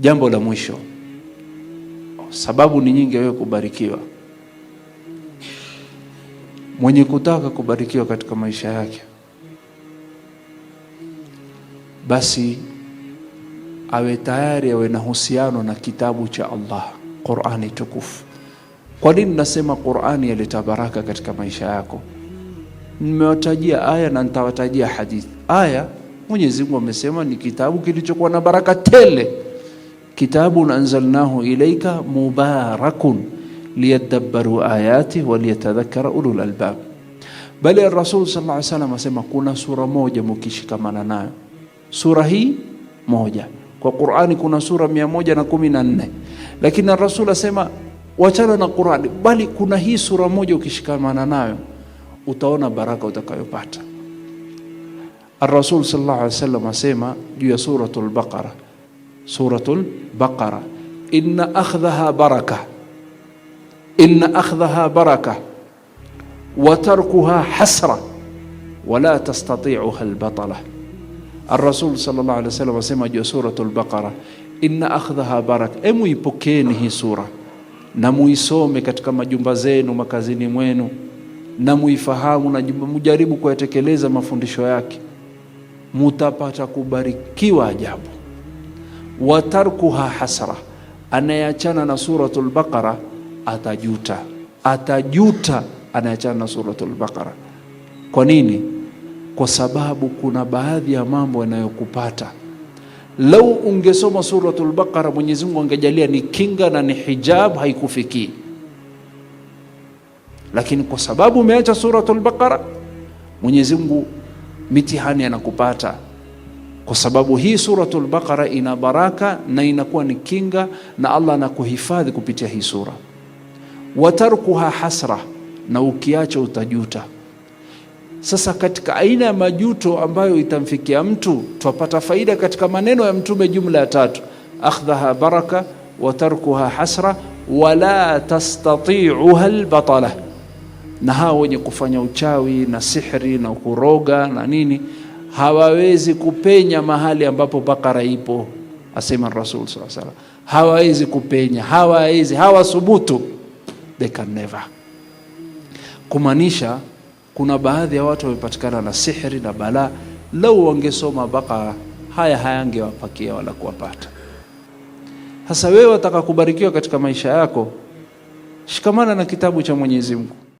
Jambo la mwisho, sababu ni nyingi wewe kubarikiwa. Mwenye kutaka kubarikiwa katika maisha yake, basi awe tayari, awe na uhusiano na kitabu cha Allah, Qurani tukufu. Kwa nini nasema Qurani yaleta baraka katika maisha yako? Nimewatajia aya na nitawatajia hadithi. Aya Mwenyezi Mungu amesema ni kitabu kilichokuwa na baraka tele kitabun anzalnahu ilaika mubarakun liyadabbaru ayati waliyatadhakkara ulul albab. Bali Rasul sallallahu alaihi wasallam asema kuna sura moja mukishikamana nayo, sura hii moja. Kwa Qur'ani kuna sura mia moja na kumi na nne lakini Rasul asema wachana na Qur'ani, bali kuna hii sura moja ukishikamana nayo utaona baraka utakayopata. ar sallallahu alaihi wasallam asema juu ya suratul Baqara, suratul Baqara, inna akhdhaha baraka, inna akhdhaha baraka wa tarkuha hasra wala tastati'uha albatala. Ar-Rasul sallallahu alaihi wasallam asema juu suratul Baqara, inna akhdhaha baraka, emu ipokeni hii sura na muisome katika majumba zenu, makazini mwenu, na muifahamu na mujaribu kuyatekeleza mafundisho yake, mutapata kubarikiwa ajabu wa tarkuha hasra, anayeachana na Suratul Baqara atajuta, atajuta anayeachana na Suratul Baqara. Kwa nini? Kwa sababu kuna baadhi ya mambo yanayokupata lau ungesoma Suratul Baqara, Mwenyezi Mungu angejalia ni kinga na ni hijab, haikufikii lakini kwa sababu umeacha Suratul Baqara, Mwenyezi Mungu mitihani anakupata kwa sababu hii Suratul Baqara ina baraka na inakuwa ni kinga, na Allah anakuhifadhi kupitia hii sura. Watarkuha hasra, na ukiacha utajuta. Sasa katika aina ya majuto ambayo itamfikia mtu, twapata faida katika maneno ya Mtume jumla ya tatu: akhdhaha baraka watarkuha hasra wala tastati'uha lbatala. Na hawa wenye kufanya uchawi na sihri na kuroga na nini hawawezi kupenya mahali ambapo bakara ipo, asema Rasul sallallahu alaihi wasallam, hawawezi kupenya, hawawezi, hawasubutu, they can never. Kumaanisha kuna baadhi ya watu wamepatikana na sihiri na balaa, lau wangesoma bakara haya hayangewapakia wala kuwapata. Sasa wewe wataka kubarikiwa katika maisha yako, shikamana na kitabu cha Mwenyezi Mungu.